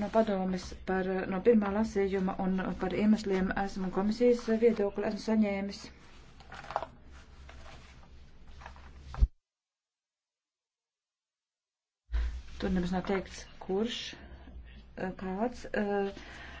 no padomes par no pirmā lasījuma un par iemesliem esmu komisijas viedokli esmu saņēmis. Tur nemaz nav teikts, kurš, eh, kāds. Uh,